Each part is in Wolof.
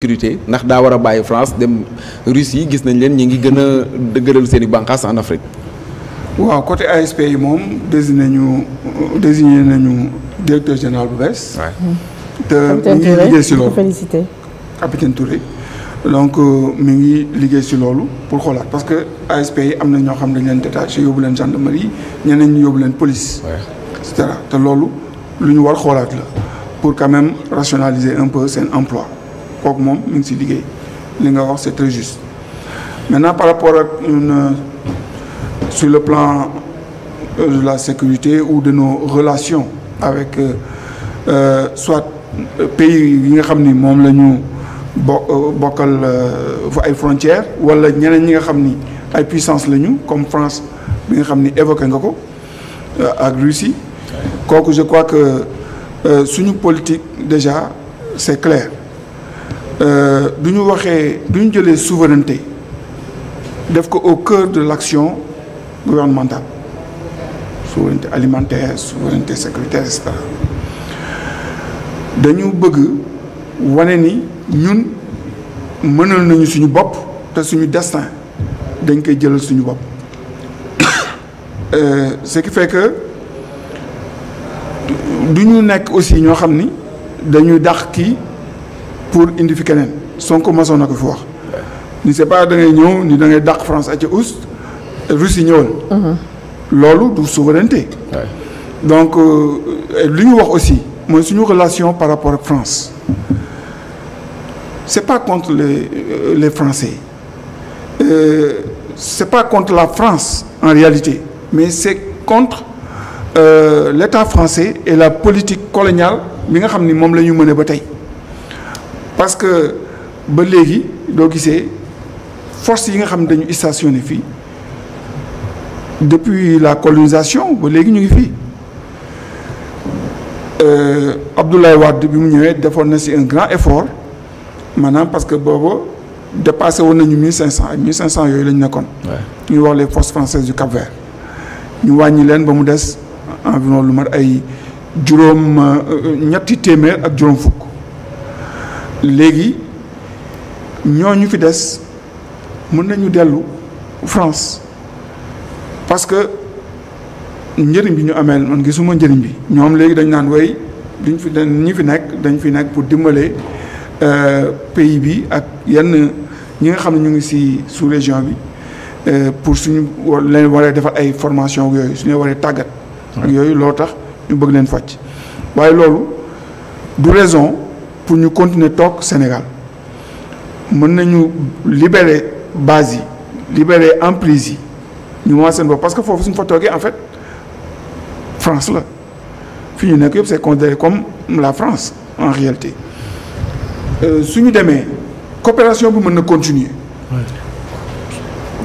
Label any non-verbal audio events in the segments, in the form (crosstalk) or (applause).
sécurité ndax daa war a bàyyi France dem Russes yi gis nañ leen ñi ngi gën a dëgëral seen i bànqaas en Afrique. waaw côté ASP yi moom désigné nañu désigné nañu directeur général bu bees. te mi ngi liggéey si loolu félicité. capitaine Touré donc euh, si loolu pour xoolaat parce que ASP yi am na ñoo xam dañ leen détaché yóbbu leen gendarmerie ñeneen ñu yóbbu leen police. et te loolu lu ñu war xoolaat la pour quand même rationaliser un peu seen emploi. kooku moom mi ngi si liggéey li nga wax c'est très juste maintenant par rapport ak ñun euh, sur le plan euh, de la sécurité ou de no relations avec euh, euh soit pays yi nga xam ni moom la ñu bo bokkal ay frontières wala ñeneen ñi nga xam ni ay puissance la ñu comme France bi nga xam ni évoqué nga ko ak Russie kooku je crois que suñu politique déjà c'est clair du euh, ñu waxee du ñu jëlee souveraineté def ko au cœur de l'action gouvernementale souveraineté alimentaire souveraineté sécuritaire et cetera dañu bëgg wane ni ñun mënal nañu suñu bopp te suñu destin dañ koy jëlal suñu bopp (coughs) euh, ce qui fait que du ñu nekk aussi ñoo xam ni dañuy dax kii pour indi fi keneen Sonko masoon na ko fi wax ni c'est pas da ngay ñëw ni da ngay dàq France aca ust Russie ñëwal mm-hmm. loolu du souveraineté donc euh, li ñu wax aussi mooy suñu relation par rapport ak France c'est pas contre les euh, les Français euh, c'est pas contre la France en réalité mais c'est contre euh, l'État français et la politique coloniale bi nga xam ni moom la ñu mëne ba tey parce que ba léegi doo gisee force yi nga xam ne dañu stationné fii depuis la colonisation ba léegi ñu ngi fii euh, Abdoulaye Wade bi mu ñëwee defoon na ci un grand effort maanaam parce que boobu dépassé woon nañu mille cinq cent ak mille cent yooyu lañu ñu nekkoon. ñu wax les forces françaises du Cap Vert ñu wàññi leen ba mu des environ lu mat ay juróom euh, euh, ñetti téeméer ak juróom fukk. léegi ñoo ñu fi des mun nañu dellu France parce que njëriñ bi ñu ameel man gisuma njëriñ bi ñoom léegi dañ naan way duñ fi dañ ñu fi nekk dañ fi nekk pour dimbale euh, pays bi ak yenn ñi nga xam ne ñu ngi si sous région bi euh, pour suñu leen waree defal ay formation ak yooyu suñu waree tàggat. ak yooyu loo tax ñu bëgg leen fàcc waaye loolu du raison. pour ñu continuer toog Sénégal mën nañu libérer base yi libérer emprise yi ñu moom seen bopp parce que foofu suñu fa toogee en fait France la fi ñu nekk yëpp c'est considéré comme la France en réalité euh, su ñu demee coopération bi mën na continuer.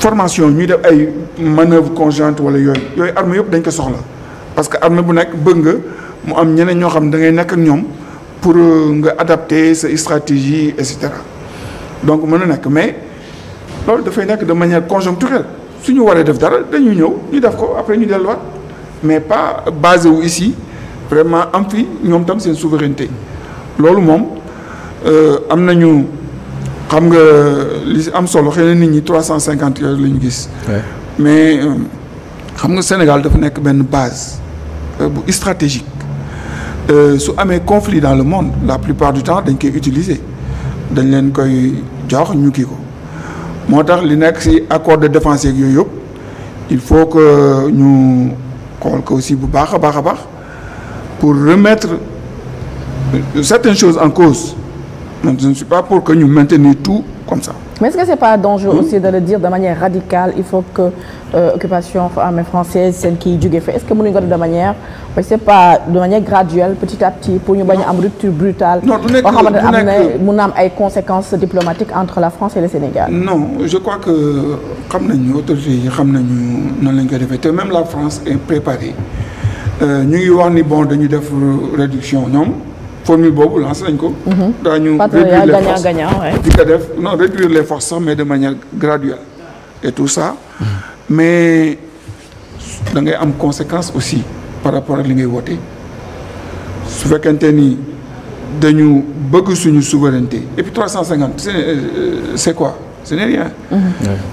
formation ñuy def ay manœuvre conjointe wala yooyu yooyu armée yëpp dañ ko soxla parce que armée bu nekk bëgg nga mu am ñeneen ñoo xam da ngay nekk ak ñoom. pour euh, nga adapter sa stratégie et donc mën na nekk mais loolu dafay nekk de manière conjoncturelle su ñu waree def dara dañuy ñëw ñu def ko après ñu delluwaat mais pas basé wu ici vraiment am fi ñoom tam seen souveraineté loolu moom euh, am nañu xam nga li si am solo xëy nit ñi trois cent cinquante heures la ñu gis. mais euh, xam nga Sénégal dafa nekk benn base bu stratégique. Euh, su amee conflit dans le monde la plupart du temps dañ koy utiliser dañ leen koy jox ñu kii ko moo tax li nekk ci accord de défense yeeg yooyu il faut que ñu kool ko aussi bu baax a baax a baax pour remettre certaines choses en cause man je ne suis pas pour que ñu maintenir tout comme ça. mais est-ce que c'est pas dangereux hmm? aussi de le dire de manière radicale il faut que. Euh, occupation armée française seen kii jóge fa est-ce que mënuñu ko def de manière je sais pas de manière graduelle petit à petit pour ñu bañ a am rupture brutale. non du nekk boo xamante na mun ay conséquences diplomatiques entre la France et le Sénégal. non je crois que xam nañu autorités yi xam nañu noonu la ñu koy defee te même la France est préparée euh, ñu ngi wax ni bon dañu def réduction ñoom. formule boobu lancé nañ ko. Mhm. daañu réduire les forces ko def non réduire les forces sax mais de manière graduelle et tout mhm. mais da ngay am conséquence aussi par rapport ak li ngay woote su fekkente ni dañu bëgg suñu souveraineté et puis 350 c'est euh, c'est quoi ce n'est rien. Mmh.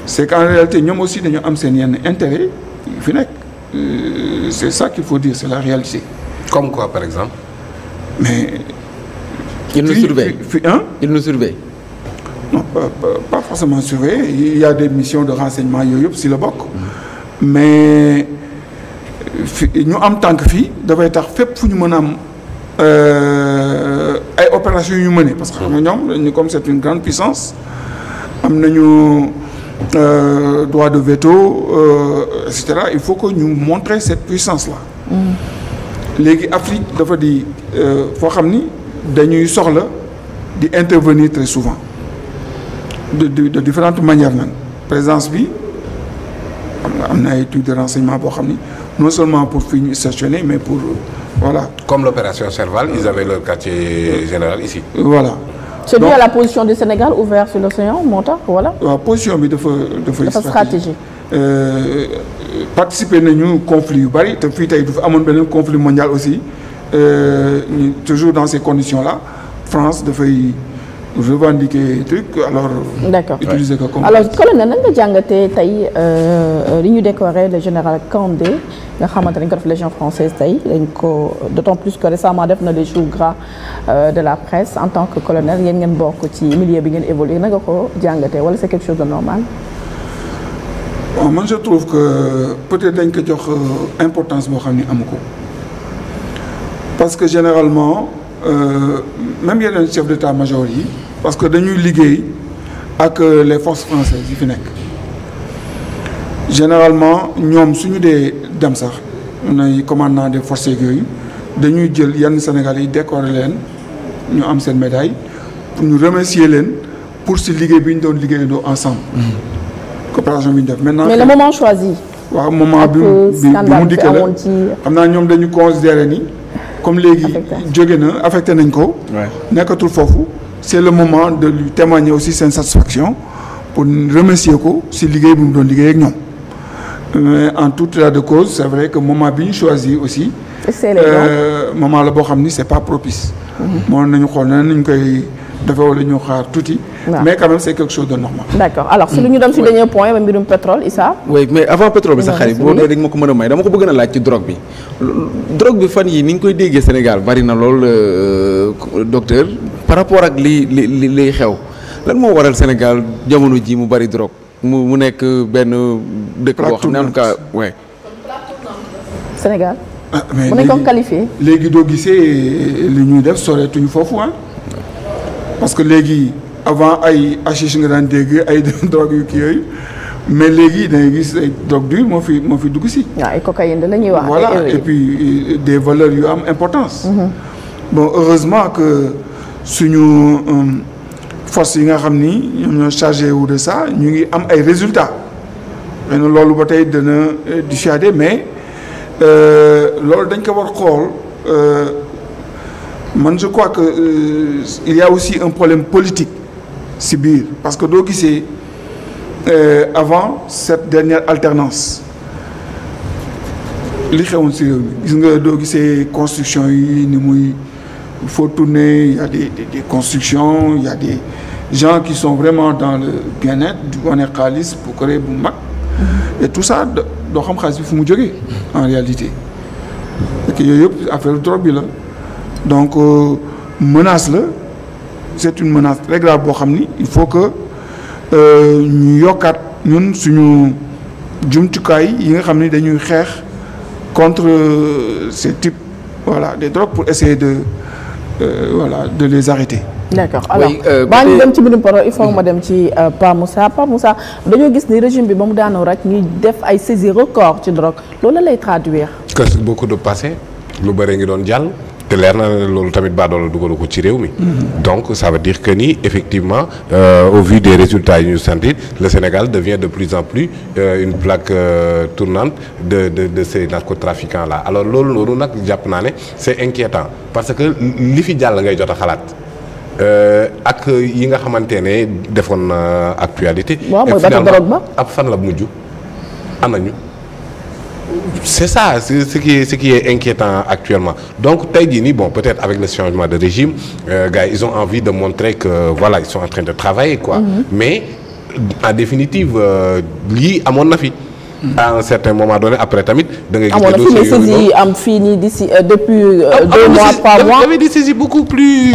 c'est qu'en réalité ñoom aussi dañu am seen yenn intérêt fi nekk euh, c'est ça qu'il faut dire c'est la réalité. comme quoi par exemple. mais. il nous surveille fi ah il nous surveille. non pas, (laughs) pas forcément surveiller il y a des de renseignement yooyu yëpp si la bokk mais fi ñu am tànk fii dafay tax fépp fu ñu mën a am euh, ay opération yu ñu mënee parce que xam nga ñu comme c'est une grande puissance am nañu Euh, droit de veto euh, et il faut que ñu montrer cette puissance là. Mm. léegi Afrique dafa di euh, foo xam ni dañuy soxla di intervenir très souvent. de de de différentes manières nag présence bi am na am na ay études de renseignement boo xam ni non seulement pour fi ñu stationner mais pour euh, voilà. comme l'opération Serval ils avaient leur général ici. voilà. c'est dû à la position du Sénégal ouvert sur l'océan moo tax voilà. waaw bi dafa dafa. dafa stratégie euh, participer nañu conflit yu bari te fii tey du amoon beneen conflit mondial aussi euh, toujours dans ces conditions là France dafay. revendiquer truc alors. d'accord utiliser ko comme. alors colonel nan nga jàngatee tey euh, li ñu décoré le général Kandé nga xamante dañ ko def légion française tey dañ ko d'autant plus que récemment def na les jours gras euh, de la presse en tant que colonel yéen ngeen bokk ci milieu bi ngeen évolué na ko jàngatee wala c'est quelque chose de normal. bon man je trouve que peut-être dañ ko jox euh, importance boo xam ni amu ko parce que généralement euh, même yeneen chef d'état-major yi. parce que dañuy liggéey ak euh, les forces françaises yi fi nekk généralement ñoom suñu dee dem sax nay commandant de forces yooyu dañuy jël yenn Sénégal yi décorer leen ñu am seen médaille pour ñu remercier leen pour si liggéey bi ñu doon liggéeyandoo ensemble. Mm-hmm. coopération bi ñu def maintenant. mais le moment choisi. waaw moment bi bi mu dikkee la xam naa ñoom dañu considéré ni comme léegi jóge na affecté nañ ko. nekkatul foofu. c'est le moment de lui témoigner aussi seen satisfaction pour remercier ko si liggéey bu mu doon liggéey ak ñoom mais en tout état de cause c'est vrai que moment bi ñu choisir aussi euh, moment la boo xam ni c'est pas propice mhm. moom nañu xool na nañu koy dafa wala ñu xaar tuuti. mais quand même c'est quelque chose mm. point ba mbirum pétrole Issa. mais avant pétrole bi sax xarit boo doon rek ma ko mën a may dama ko bëgg na laaj ci drogue bi. drogue bi fan yi ni ñu koy déggee Sénégal bari na lool euh, docteur par rapport ak lii li li xew lan moo waral Sénégal jamono ji mu bari drogue mu mu nekk benn dëkk boo xam ne en tout Sénégal ah mais mu nekkoon léegi doo gisee li ñuy def soreetuñu foofu ah parce que léegi avant ay hashish nga daan dégg ay (laughs) drogue yu kii yooyu mais léegi da gis ay drogue dure moo fi moo fi dugg si. waaw ay cocaïne la ñuy wax. voilà et puis euh, des valeurs yu am importance. Mm-hmm. bon heureusement que. suñu euh, force yi nga xam ni ñoom ñoo chargé wu de ñu ngi am ay résultats xëy loolu ba tey dana euh, dissuader mais euh, loolu dañ ko war xool man je crois que euh, il y aussi un problème politique si biir parce que doo gisee euh, avant cette dernière alternance li xewoon si gis nga doo gisee construction yi ni muy Il faut tourner, il y a des, des, des gens qui sont vraiment dans le bien-être, on est xaalis bu créer bu mag et tout ça doo xam xaalis bi fu mu jógee en réalité fekk yooyu yëpp affaire drop bi la donc euh, menace la c'est une menace très grave boo xam ni il faut que euh, ñu yokkaat ñun suñu jumtukaay yi nga xam ni dañuy xeex contre euh, ces types voilà des drogues pour essayer de Euh, voilà de les arrêter. d'accord alors euh, baa ñu dem ci mbirum paro il faut mhm. ma dem ci euh, Pa Moussa Pa Moussa dañoo gis ni régime bi ba mu daanoo rek ñuy def ay saisir record ci drogue loolu lay traduire. que beaucoup de passé lu bëri ngi doon jàll. te leer na loolu tamit baadoola dugalu ko ci réew mi donc ça veut dire que ni effectivement euh, au vu des résultats yi ñu sentit le Sénégal devient de plus en plus euh, une plaque euh, tournante de de de ces narcotrafiquants là alors loolu loolu nag jàpp naa ne c'est inquiétant parce que li fi jàll ngay jot a xalaat euh, ak yi nga xamante ne defoon na actualité. waaw mooy ab fan la mujj am c'est ça ce qui est ce qui est inquiétant actuellement donc tey jii nii bon peut-être avec le changement de régime euh, gars ils ont envie de montrer que voilà ils sont en train de travailler quoi mm-hmm. mais en définitive euh, lii amoon na fi mm-hmm. à un certain moment donné après tamit. da ngay gis ah, dossier yooyu am fii nii d'ici euh, depuis. Euh, ah, deux ah, mois trois mois beaucoup plus.